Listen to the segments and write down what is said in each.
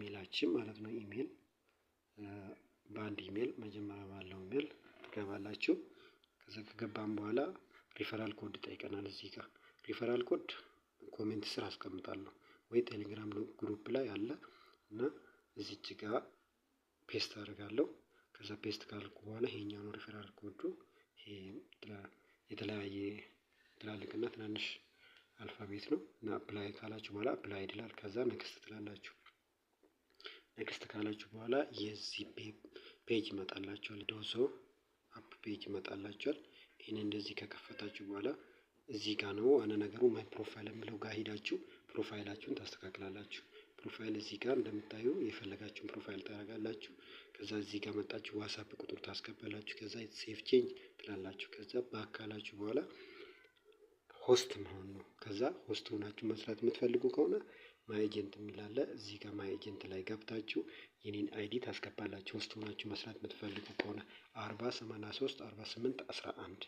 ኢሜላችን ማለት ነው። ኢሜል በአንድ ኢሜል መጀመሪያ ባለው ኢሜል ትገባላችሁ። ከዛ ከገባም በኋላ ሪፈራል ኮድ ይጠይቀናል። እዚህ ጋር ሪፈራል ኮድ ኮሜንት ስር አስቀምጣለሁ ወይ ቴሌግራም ግሩፕ ላይ አለ እና እዚች ጋር ፔስት አድርጋለሁ። ከዛ ፔስት ካልኩ በኋላ ይሄኛው ነው ሪፈራል ኮዱ። የተለያየ ትላልቅና ትናንሽ አልፋቤት ነው እና አፕላይ ካላችሁ በኋላ አፕላይ ይድላል። ከዛ ነክስት ትላላችሁ። ኔክስት ካላችሁ በኋላ የዚህ ፔጅ ይመጣላችኋል። ዶዞ አፕ ፔጅ ይመጣላችኋል። ይህን እንደዚህ ከከፈታችሁ በኋላ እዚህ ጋር ነው ዋና ነገሩ። ማይ ፕሮፋይል የሚለው ጋር ሂዳችሁ ፕሮፋይላችሁን ታስተካክላላችሁ። ፕሮፋይል እዚህ ጋር እንደምታዩ የፈለጋችሁን ፕሮፋይል ታደርጋላችሁ። ከዛ እዚህ ጋር መጣችሁ ዋትሳፕ ቁጥር ታስገባላችሁ። ከዛ ሴፍ ቼንጅ ትላላችሁ። ከዛ በአካላችሁ በኋላ ሆስት መሆን ነው። ከዛ ሆስት ሆናችሁ መስራት የምትፈልጉ ከሆነ ማይ ኤጀንት እዚህ ጋር ማይ ኤጀንት ላይ ገብታችሁ የኔን አይዲ ታስገባላችሁ። ውስጥ ሆናችሁ መስራት የምትፈልጉ ከሆነ አርባ ሰማንያ ሶስት አርባ ስምንት አስራ አንድ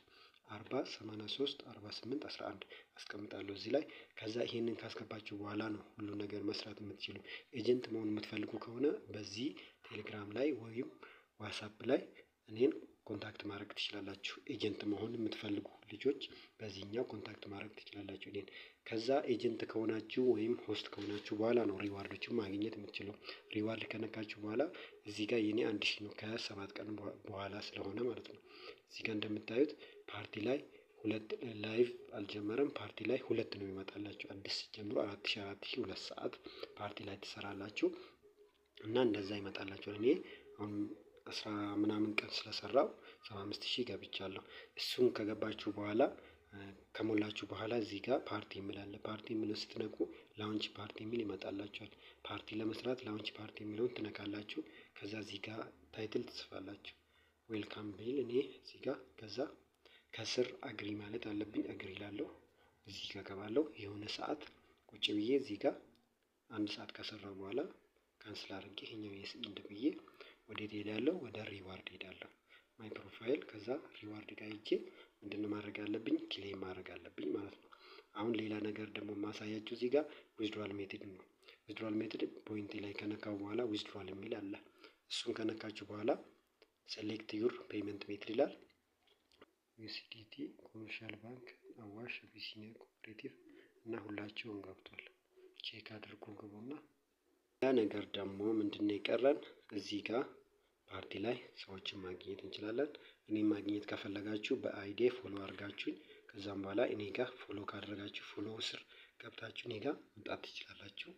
አርባ ሰማንያ ሶስት አርባ ስምንት አስራ አንድ አስቀምጣለሁ እዚህ ላይ። ከዛ ይሄንን ካስገባችሁ በኋላ ነው ሁሉ ነገር መስራት የምትችሉ። ኤጀንት መሆን የምትፈልጉ ከሆነ በዚህ ቴሌግራም ላይ ወይም ዋትሳፕ ላይ እኔን ኮንታክት ማድረግ ትችላላችሁ። ኤጀንት መሆን የምትፈልጉ ልጆች በዚህኛው ኮንታክት ማድረግ ትችላላችሁ እኔን። ከዛ ኤጀንት ከሆናችሁ ወይም ሆስት ከሆናችሁ በኋላ ነው ሪዋርዶችን ማግኘት የምትችለው። ሪዋርድ ከነካችሁ በኋላ እዚህ ጋር የኔ አንድ ሺ ነው ከሰባት ቀን በኋላ ስለሆነ ማለት ነው። እዚህ ጋር እንደምታዩት ፓርቲ ላይ ሁለት ላይቭ አልጀመረም። ፓርቲ ላይ ሁለት ነው ይመጣላችሁ። አዲስ ጀምሮ አራት ሺ አራት ሺ ሁለት ሰዓት ፓርቲ ላይ ትሰራላችሁ እና እንደዛ ይመጣላችሁ እኔ አሁን አስራ ምናምን ቀን ስለሰራው ሰባ አምስት ሺህ ገብቻለሁ። እሱን ከገባችሁ በኋላ ከሞላችሁ በኋላ እዚህ ጋር ፓርቲ የሚል አለ። ፓርቲ የሚለው ስትነቁ ላውንች ፓርቲ የሚል ይመጣላችኋል። ፓርቲ ለመስራት ላውንች ፓርቲ የሚለውን ትነካላችሁ። ከዛ እዚህ ጋር ታይትል ትጽፋላችሁ። ዌልካም ቢል እኔ እዚህ ጋር ከዛ ከስር አግሪ ማለት አለብኝ። አግሪ ላለሁ እዚህ ጋር ገባለሁ። የሆነ ሰዓት ቁጭ ብዬ እዚህ ጋር አንድ ሰዓት ከሰራው በኋላ ካንስል አድርጌ ይሄኛው የስ ብዬ ወዴት ሄዳለሁ? ወደ ሪዋርድ ሄዳለሁ። ማይ ፕሮፋይል ከዛ ሪዋርድ ጋር ሄጄ ምንድነው ማድረግ ያለብኝ? ክሌም ማድረግ አለብኝ ማለት ነው። አሁን ሌላ ነገር ደግሞ የማሳያችሁ እዚህ ጋር ዊዝድራል ሜትድ ነው። ዊዝድራል ሜትድ ፖይንት ላይ ከነካው በኋላ ዊዝድራል የሚል አለ። እሱን ከነካችሁ በኋላ ሴሌክት ዩር ፔመንት ሜትድ ይላል። ዩሲዲቲ፣ ኮመርሻል ባንክ፣ አዋሽ፣ አቢሲኒያ ኮኦፕሬቲቭ እና ሁላቸውም ገብቷል። ቼክ አድርጎ ግቡና ያ ነገር ደግሞ ምንድነው የቀረን እዚህ ጋር ፓርቲ ላይ ሰዎችን ማግኘት እንችላለን። እኔ ማግኘት ከፈለጋችሁ በአይዲዬ ፎሎ አድርጋችሁኝ ከዛም በኋላ እኔ ጋር ፎሎ ካደረጋችሁ ፎሎ ስር ገብታችሁ እኔ ጋር መምጣት ትችላላችሁ